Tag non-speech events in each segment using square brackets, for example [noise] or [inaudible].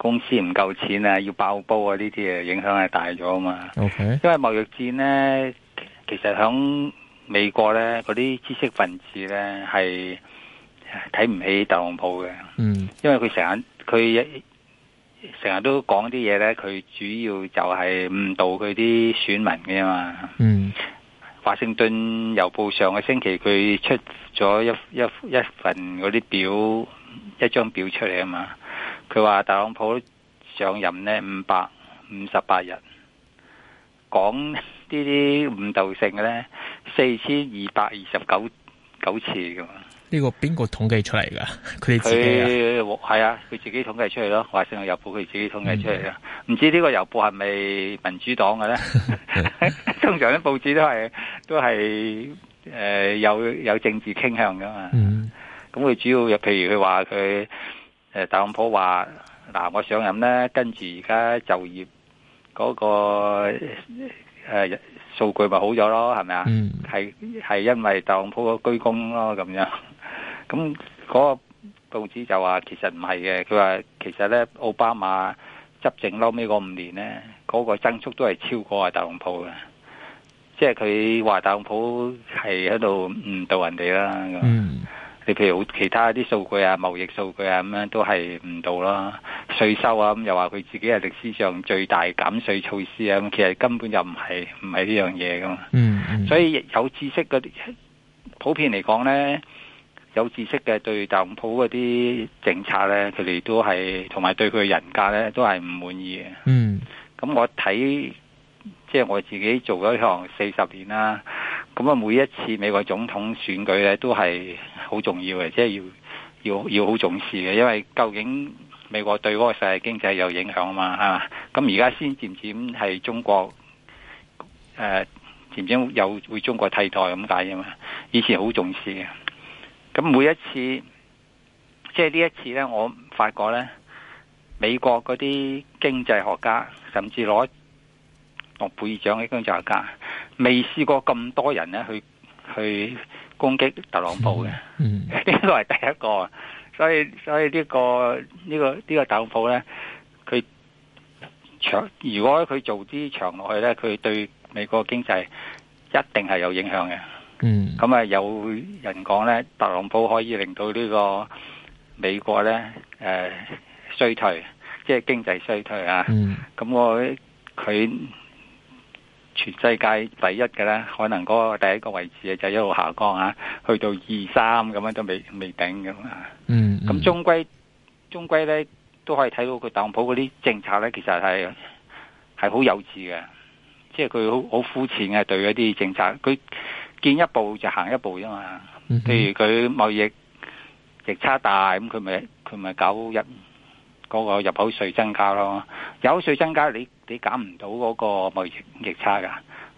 公司唔夠錢啊，要爆煲啊！呢啲影響係大咗啊嘛。Okay. 因為貿易戰呢，其實響美國呢，嗰啲知識分子呢係睇唔起特朗普嘅。嗯、mm.，因為佢成日佢一成日都講啲嘢呢，佢主要就係誤導佢啲選民嘅嘛。嗯，華盛頓郵報上個星期佢出咗一一一份嗰啲表，一張表出嚟啊嘛。佢話特朗普上任呢五百五十八日，講呢啲誤導性嘅咧四千二百二十九九次咁呢、呢個邊個統計出嚟噶？佢哋自己啊？係啊，佢自己統計出嚟咯。華盛頓郵報佢自己統計出嚟㗎。唔、嗯、知呢個郵報係咪民主黨嘅咧？ [laughs] [laughs] 通常啲報紙都係都係誒、呃、有有政治傾向噶嘛。咁、嗯、佢主要又譬如佢話佢。誒，特朗普話嗱，我上任咧，跟住而家就業嗰、那個誒數、啊、據咪好咗、嗯、咯，係咪啊？係係因為特朗普個居功咯，咁樣。咁、那、嗰個報紙就話其實唔係嘅，佢話其實咧奧巴馬執政後尾個五年咧，嗰、那個增速都係超過阿特朗普嘅，即係佢話特朗普係喺度誤導人哋啦。嗯。你譬如其他啲數據啊，貿易數據啊咁樣都係唔到啦，稅收啊咁，又話佢自己係歷史上最大減稅措施啊，咁其實根本就唔係唔係呢樣嘢噶嘛。嗯，所以有知識嗰啲普遍嚟講咧，有知識嘅對特朗普嗰啲政策咧，佢哋都係同埋對佢嘅人格咧都係唔滿意嘅。嗯，咁我睇即係我自己做咗呢行四十年啦。咁啊，每一次美國總統選舉咧，都係好重要嘅，即係要要要好重視嘅，因為究竟美國對個世界經濟有影響啊嘛嚇。咁而家先漸漸係中國誒、呃、漸漸有會中國替代咁解啫嘛。以前好重視嘅，咁每一次即係呢一次咧，我發覺咧美國嗰啲經濟學家甚至攞諾貝爾獎嘅經濟學家，甚至拿拿未試過咁多人咧去去攻擊特朗普嘅，呢個係第一個。所以所以呢個呢個呢個特朗普咧，佢長如果佢做啲長落去咧，佢對美國經濟一定係有影響嘅。咁啊有人講咧，特朗普可以令到呢個美國咧誒衰退，即係經濟衰退啊。咁我佢。全世界第一嘅咧，可能嗰個第一個位置啊，就是，一路下降啊，去到二三咁樣都未未頂咁啊。嗯，嗯，咁終歸終歸咧，都可以睇到佢特朗普嗰啲政策咧，其實係係好幼稚嘅，即係佢好好膚淺嘅對嗰啲政策，佢見一步就行一步啫嘛。譬如佢貿易逆差大咁，佢咪佢咪搞一。嗰、那個入口稅增加咯，入口稅增加你你減唔到嗰個貿易逆差噶。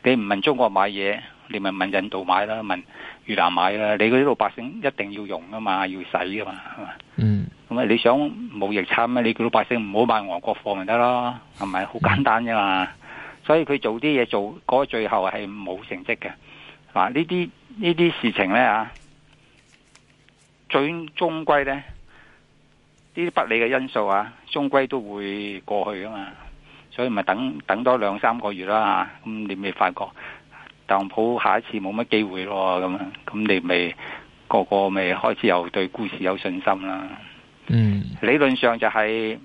你唔問中國買嘢，你咪問，問印度買啦，問越南買啦。你嗰啲老百姓一定要用噶嘛，要使噶嘛。嗯。咁、嗯、啊，你想冇逆差咩？你叫老百姓唔好買外國貨咪得咯，係咪？好簡單啫嘛。所以佢做啲嘢做，嗰、那個、最後係冇成績嘅。嗱、啊，呢啲呢啲事情咧最終歸咧。呢啲不利嘅因素啊，終歸都會過去啊嘛，所以咪等等多兩三個月啦，啊，咁你未發覺特朗普下一次冇乜機會咯，咁咁你咪個個咪開始又對股市有信心啦。嗯，理論上就係、是、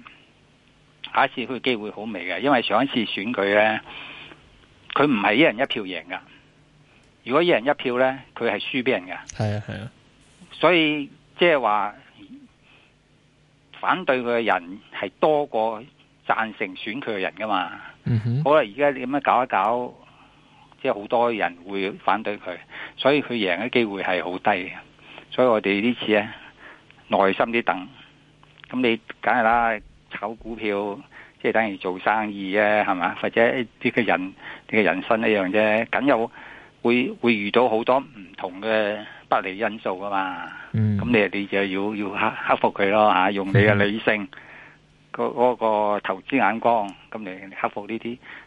下一次佢嘅機會好微嘅，因為上一次選舉呢，佢唔係一人一票贏㗎，如果一人一票呢，佢係輸俾人㗎。係啊係啊，所以即係話。就是反對佢嘅人係多過贊成選佢嘅人噶嘛？Mm-hmm. 好啦，而家你咁樣搞一搞，即係好多人會反對佢，所以佢贏嘅機會係好低嘅。所以我哋呢次咧，耐心啲等。咁你梗係啦，炒股票即係等於做生意啊，係嘛？或者啲嘅人你嘅、這個、人生一樣啫，梗有會會遇到好多唔同嘅。不利因素噶嘛，咁、嗯、你你就要要克克服佢咯吓，用你嘅理性，嗰嗰、嗰個投資眼光，咁你克服呢啲。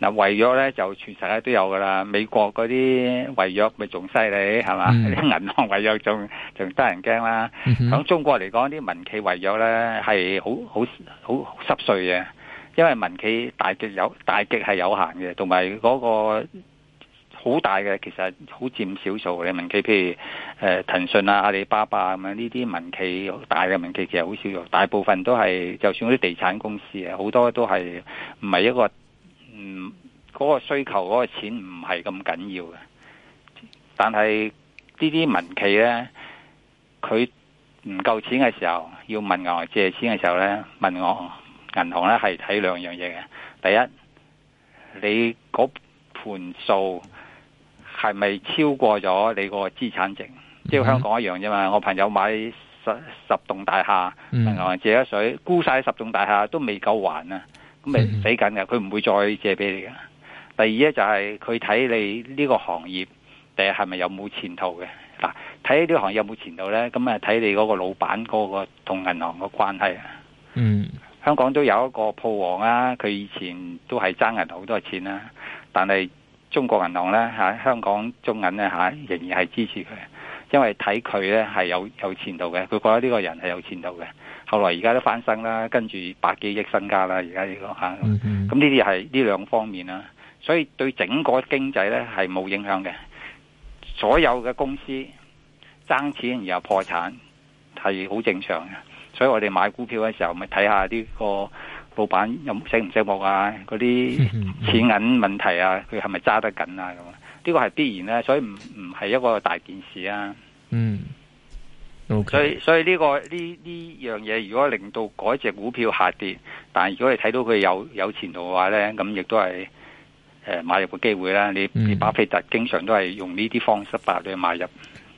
嗱，違約咧就全世界都有噶啦，美國嗰啲違約咪仲犀利係嘛？啲銀行違約仲仲得人驚啦。響中國嚟講，啲民企違約咧係好好好濕碎嘅，因為民企大極有大極係有限嘅，同埋嗰個好大嘅其實好佔少數嘅民企，譬如誒騰訊啊、阿里巴巴咁樣呢啲民企，大嘅民企其實好少數，大部分都係就算嗰啲地產公司啊，好多都係唔係一個。嗯，嗰個需求嗰個錢唔係咁緊要嘅，但係呢啲民企呢，佢唔夠錢嘅時候要問銀行借錢嘅時候呢，問我銀行呢係睇兩樣嘢嘅，第一你嗰盤數係咪超過咗你個資產值？即、mm-hmm. 係香港一樣啫嘛，我朋友買十十棟大廈，問銀行借咗水，沽晒十棟大廈都未夠還啊！咁咪死緊嘅，佢唔會再借俾你嘅。第二咧就係佢睇你呢個行業，誒係咪有冇前途嘅？嗱，睇呢個行業有冇前途咧，咁啊睇你嗰個老闆嗰個同銀行嘅關係啊。嗯，香港都有一個鋪王啊，佢以前都係爭人好多錢啦，但係中國銀行咧吓，香港中銀咧吓仍然係支持佢，因為睇佢咧係有有前途嘅，佢覺得呢個人係有前途嘅。後來而家都翻身啦，跟住百幾億身家啦，而家呢個吓，咁呢啲係呢兩方面啦，啊，所以對整個經濟呢係冇影響嘅。所有嘅公司爭錢而後破產係好正常嘅，所以我哋買股票嘅時候咪睇下呢個老闆有醒唔醒目啊，嗰啲錢銀 [laughs] 問題啊，佢係咪揸得緊啊？咁呢，呢個係必然咧，所以唔唔係一個大件事啊。嗯。Okay. 所以所以呢，這個呢呢樣嘢，如果令到嗰隻股票下跌，但係如果你睇到佢有有前途嘅話呢，咁亦都係誒、呃、買入嘅機會啦。你巴菲特經常都係用呢啲方式你去買入。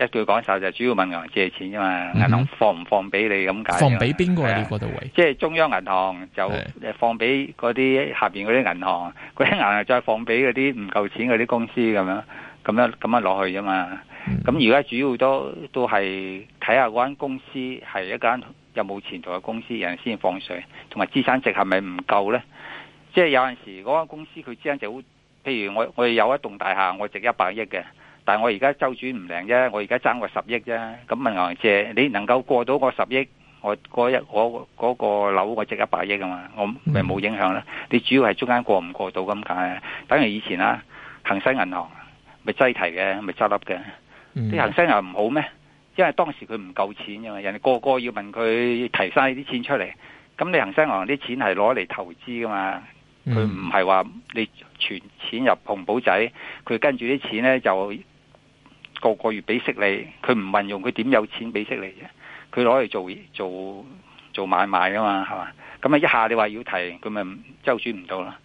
一句講晒就是，主要問銀行借錢啫嘛，銀行放唔放俾你咁解，嗯那個？放俾邊個啊？即係，就是，中央銀行就放俾嗰啲下邊嗰啲銀行，嗰啲銀行再放俾嗰啲唔夠錢嗰啲公司咁樣，咁樣咁樣落去啫嘛。咁而家主要都都係睇下嗰間公司係一間有冇前途嘅公司，人先放水，同埋資產值係咪唔夠呢？即，就，係，是，有陣時嗰間公司佢資產值好，譬如我我有一棟大廈，我值一百億嘅。但係我而家周轉唔靈啫，我而家爭過十億啫。咁問銀行借，你能夠過到個十億，我嗰個樓個樓我值一百億啊嘛，我咪冇影響啦。你主要係中間過唔過到咁解。等於以前啊，恒生銀行咪擠提嘅，咪執笠嘅。啲、嗯、恒生銀行唔好咩？因為當時佢唔夠錢嘅嘛，人哋個個要問佢提晒啲錢出嚟。咁你恒生銀行啲錢係攞嚟投資噶嘛，佢唔係話你存錢入紅寶仔，佢跟住啲錢咧就。個個月俾息你，佢唔運用佢點有錢俾息你啫？佢攞嚟做做做買賣噶嘛，係嘛？咁啊一下你話要提，佢咪周轉唔到啦？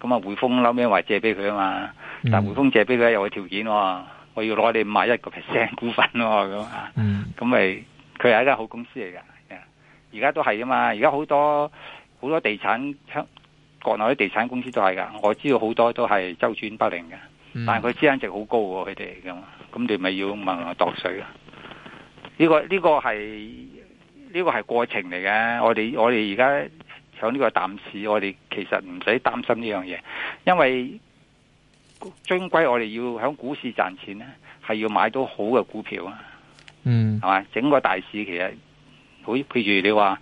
咁啊匯豐嬲咩話借俾佢啊嘛？但匯豐借俾佢又有個條件，哦，我要攞你五十一個 percent 股份喎，哦。咁啊？咁咪佢係一間好公司嚟噶？而家都係啊嘛！而家好多好多地產香國內啲地產公司都係噶，我知道好多都係周轉不靈嘅。嗯、但係佢資產值好高喎，啊，佢哋咁，咁你咪要問我度水咯，啊？呢、呢個呢、呢個係呢、呢個係過程嚟嘅。我哋我哋而家喺呢個淡市，我哋其實唔使擔心呢樣嘢，因為終歸我哋要喺股市賺錢咧，係要買到好嘅股票啊。嗯，係嘛？整個大市其實，好譬如你話，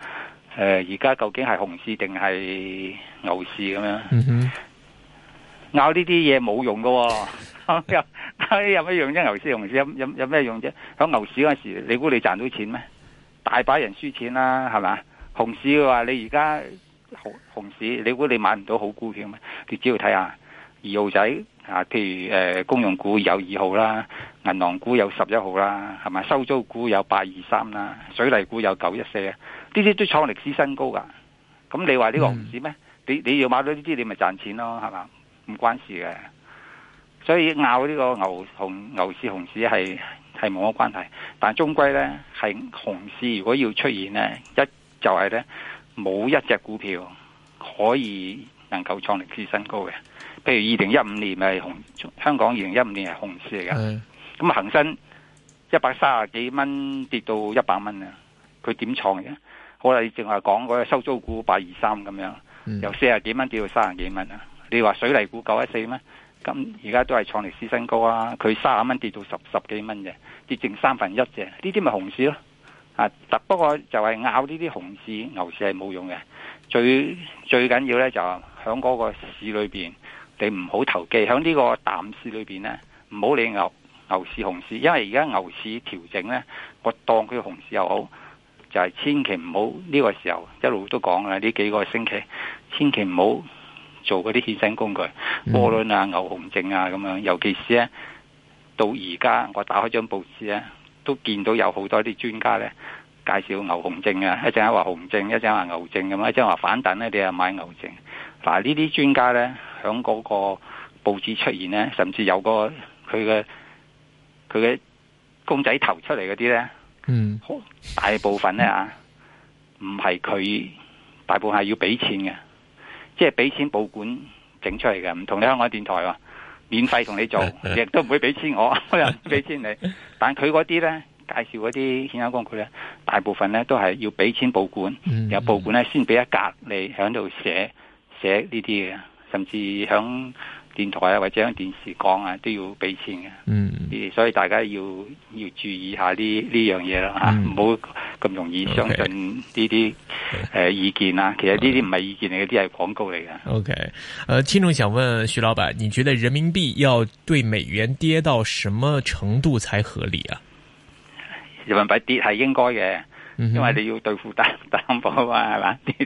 誒而家究竟係熊市定係牛市咁樣？嗯哼咬、哦、呢啲嘢冇用噶，有有咩用啫？牛市熊市，有有有咩用啫？響牛市嗰陣時候，你估你賺到錢咩？大把人輸錢啦，係嘛？熊市嘅話，你而家熊熊市，你估你買唔到好股票咩？你只要睇下二號仔，啊，譬如誒、呃、公用股有二號啦，銀行股有十一號啦，係咪？收租股有八二三啦，水泥股有九一四，呢啲都創歷史新高噶。咁你話呢個熊市咩、嗯？你你要買到呢啲，你咪賺錢咯，係嘛？唔關事嘅，所以咬呢個牛同牛市熊市係係冇乜關係，但係終歸呢係熊市，如果要出現呢，一就係呢冇一隻股票可以能夠創歷史新高嘅。譬如二零一五年咪熊，香港二零一五年係熊市嚟嘅，咁恆生一百三十幾蚊跌到一百蚊啊，佢點創嘅？好啦淨係講嗰收租股八二三咁樣，由四十幾蚊跌到三十幾蚊啊。你話水泥股九一四咩？咁而家都係創歷史新高啦、啊。佢卅蚊跌到十十幾蚊嘅，跌剩三分一啫。呢啲咪熊市咯？啊，不過就係拗呢啲熊市、牛市係冇用嘅。最最緊要咧就響嗰個市裏邊，你唔好投機。響呢個淡市裏邊咧，唔好理牛牛市、熊市。因為而家牛市調整咧，我當佢熊市又好，就係、是、千祈唔好呢個時候一路都講啦。呢幾個星期，千祈唔好。做嗰啲衍生工具，窩輪啊、牛熊證啊咁樣，尤其是咧到而家，我打開張報紙咧，都見到有好多啲專家咧介紹牛熊證啊，一陣話熊證，一陣話牛證，咁啊，一陣話反彈咧，你又買牛證。嗱呢啲專家咧響嗰個報紙出現咧，甚至有個佢嘅佢嘅公仔頭出嚟嗰啲咧，嗯，大部分咧啊，唔係佢，大部分係要俾錢嘅。即係俾錢報館整出嚟嘅，唔同你香港電台喎，免費同你做，亦 [laughs] 都唔會俾錢我，又 [laughs] 俾 [laughs] 錢你。但佢嗰啲咧，介紹嗰啲顯卡工具咧，大部分咧都係要俾錢報館。由報館咧先俾一格你喺度寫寫呢啲嘅，甚至響電台啊或者響電視講啊都要俾錢嘅。嗯，嗯，所以大家要要注意一下呢呢樣嘢啦，唔好，嗯啊咁容易相信呢啲誒意見啊？其實呢啲唔係意見嚟，啲係廣告嚟嘅。OK，誒，聽眾想問徐老闆，你覺得人民幣要對美元跌到什麼程度才合理啊？人民幣跌係應該嘅，因為你要對付擔擔保啊嘛，係嘛？跌就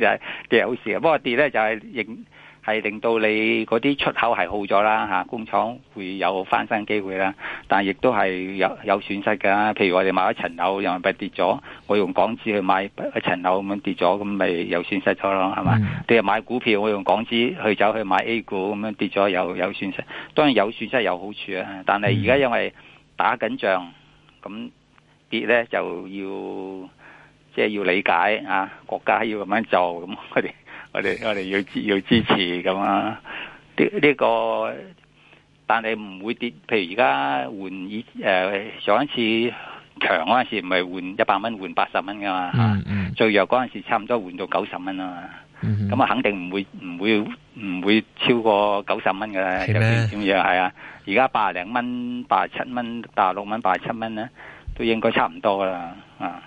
跌係好事啊，不過跌咧就係，是，認。係令到你嗰啲出口係好咗啦嚇，工廠會有翻身機會啦。但係亦都係有有損失噶。譬如我哋買咗一層樓，人民幣跌咗，我用港紙去買一層樓咁樣跌咗，咁咪有損失咗咯，係嘛？你、嗯、又買股票，我用港紙去走去買 A 股咁樣跌咗，又有，有損失。當然有損失有好處啊，但係而家因為打緊仗，咁跌咧就要即係、就是、要理解啊，國家要咁樣做咁佢哋。嗯我哋我哋要支要支持咁啊！呢、這、呢個但係唔會跌，譬如而家換以誒、呃、上一次強嗰陣時100，唔係換一百蚊換八十蚊噶嘛吓、嗯嗯，最弱嗰陣時差唔多換到九十蚊啊嘛，咁、嗯、啊肯定唔會唔、嗯、會唔會超過九十蚊噶啦，係咩？點樣係啊？而家八零蚊、八七蚊、八六蚊、八七蚊咧，都應該差唔多噶啦，啊！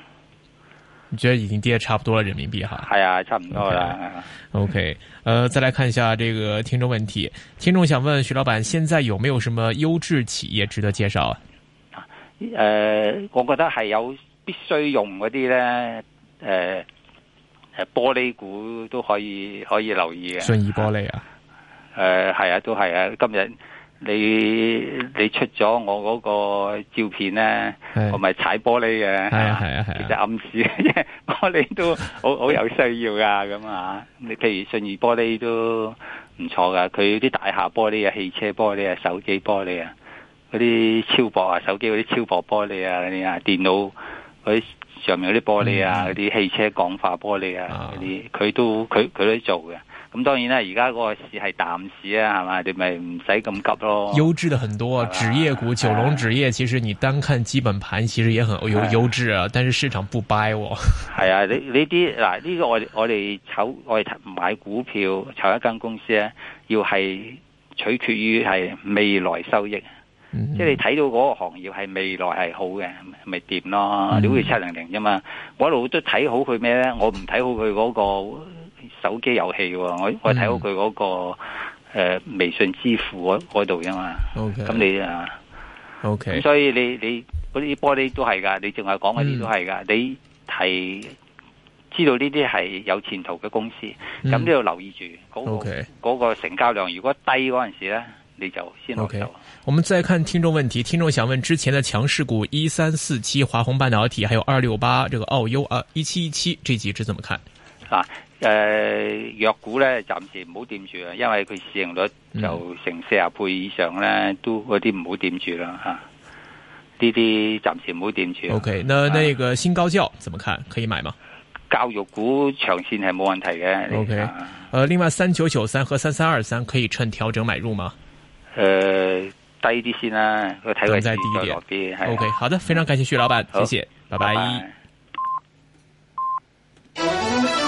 你覺得已經跌得差，啊、差不多了，人民幣哈？係啊，差唔多啦。OK，呃，再來看一下這個聽眾問題，聽眾想問徐老闆，現在有沒有什麼優質企業值得介紹？啊，誒，我覺得係有必須用嗰啲咧，誒、呃、誒，玻璃股都可以可以留意嘅。信義玻璃啊？誒、呃，係啊，都係啊，今日。你你出咗我嗰個照片咧，我咪踩玻璃嘅。係啊係啊係、啊，其實暗示，玻璃都好好 [laughs] 有需要噶。咁啊，你譬如信義玻璃都唔錯噶，佢啲大廈玻璃啊、汽車玻璃啊、手機玻璃啊，嗰啲超薄啊、手機嗰啲超薄玻璃啊，嗰啲啊電腦啲上面嗰啲玻璃啊，嗰、嗯、啲汽車鋼化玻璃啊，啲佢、啊、都佢佢都做嘅。咁當然啦，而家個市係淡市啊，係咪？你咪唔使咁急咯。優質得很多，紙業股，九龍紙業，其實你單看基本盤，其實也很優，啊、優質啊。但是市場不 buy 喎。係啊，呢呢啲嗱，呢個我我哋炒我哋買股票炒一間公司咧，要係取決於係未來收益。嗯、即係你睇到嗰個行業係未來係好嘅，咪掂咯。你好似七零零啫嘛，我一路都睇好佢咩咧？我唔睇好佢嗰、那個。手機遊戲、哦，我我睇到佢嗰個誒、嗯呃、微信支付嗰度啊嘛。OK，咁你啊，k、okay, 所以你你嗰啲玻璃都係噶，你淨係講嗰啲都係噶、嗯。你係知道呢啲係有前途嘅公司，咁、嗯、都要留意住、嗯、OK，嗰、那個那個成交量。如果低嗰陣時咧，你就先落手。Okay, 我們再看聽眾問題，聽眾想問之前的強勢股一三四七華虹半導體，還有二六八這個澳優啊，一七一七這幾隻怎麼看啊？.誒、呃，藥股咧暫時唔好掂住啊，因為佢市盈率就成四十倍以上咧、嗯，都嗰啲唔好掂住啦吓。呢、啊、啲暫時唔好掂住。O、okay, K，那那個新高教、啊、怎麼看？可以買嗎？教育股長線係冇問題嘅。O K，誒，另外三九九三和三三二三可以趁調整買入嗎？誒、呃，低啲先啦、啊，睇佢再低啲。嗯啊、o、okay, K，好的，非常感謝徐老闆，謝謝，拜拜。拜拜。